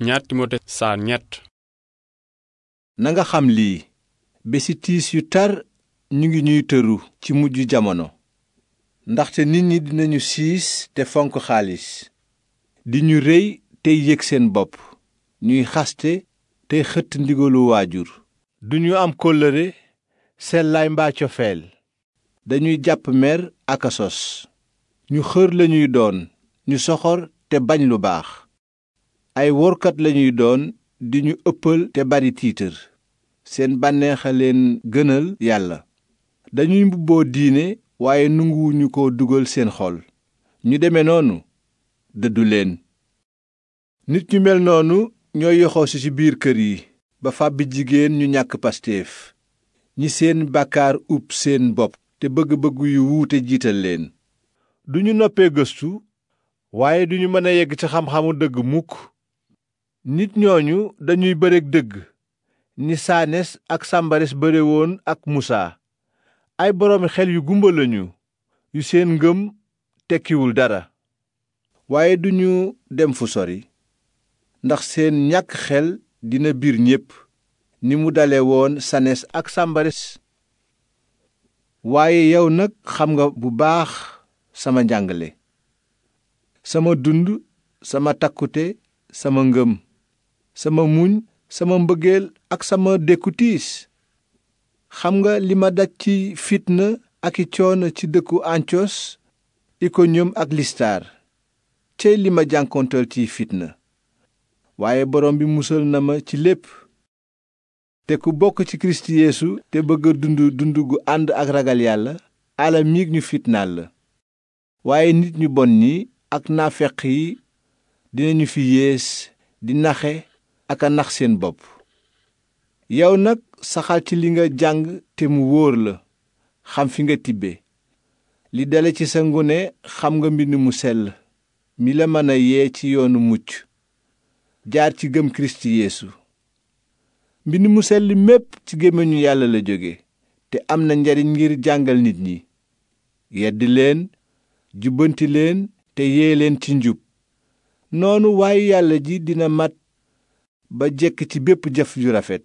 ñaar timote saar ñett nanga xam lii bési tiis yu tar ñu ngi ñuy tëru ci mujj jamono ndaxte nit ñi dinañu siis te fonk xaalis di ñu rëy tey yëg seen bopp ñuy xaste tey xëtt ndigalu waajur duñu am kóllëre sellaay mbaa cofeel dañuy jàpp mer ak a sos ñu xër lañuy doon ñu soxor te bañ lu baax ay workat lañuy doon di ñu ëppal te bari tiitër seen bànneex leen gënal yàlla dañuy mbubboo diine waaye nanguwuñu ko dugal seen xol ñu deme noonu dëddu leen nit ñu mel noonu ñooy yoxoosu ci biir kër yi ba fàbbi jigéen ñu ñàkk pasteef ñi seen bàkkaar ub seen bopp te bëgg-bëgg yu wuute jiital leen duñu noppee gëstu waaye duñu mën a yegg ci xam-xamu dëgg mukk nit ñooñu dañuy bëreg dëgg ni saanes ak sàmbares bëre woon ak musaa ay boroomi xel yu gumba lañu yu seen ngëm tekkiwul dara waaye duñu dem fu sori ndax seen ñàkk xel dina biir ñépp ni mu dale woon sanes ak sàmbares waaye yow nag xam nga bu baax sama njàngale sama dund sama takkute sama ngëm sama muñ sama mbëggeel ak sama dekku tiis xam nga li ma daj ci fitna ak i coono ci dëkku antiyos ikoniyom ak listar cey li ma jànkonteel ci fitna waaye borom bi musal na ma ci lépp te ku bokk ci kirist yeesu te bëgg dund dund gu ànd ak ragal yàlla ala miig ñu fitnaal la waaye nit ñu bon ñi ak naafeq yi dinañu fi yées di naxe ak a nax seen bopp yow nag saxal ci li nga jàng te mu wóor la xam fi nga tibbe li dale ci sa ngune xam nga mbind mu sell mi la mën a yee ci yoonu mucc jaar ci gëm kiristu yeesu mbind mu sell mépp ci gémmiñu yàlla la jóge te am na njariñ ngir jàngal nit ñi yedd leen jubbanti leen te yee leen ci njub noonu waayu yàlla ji dina mat ba jekk ci bépp jëf ju rafet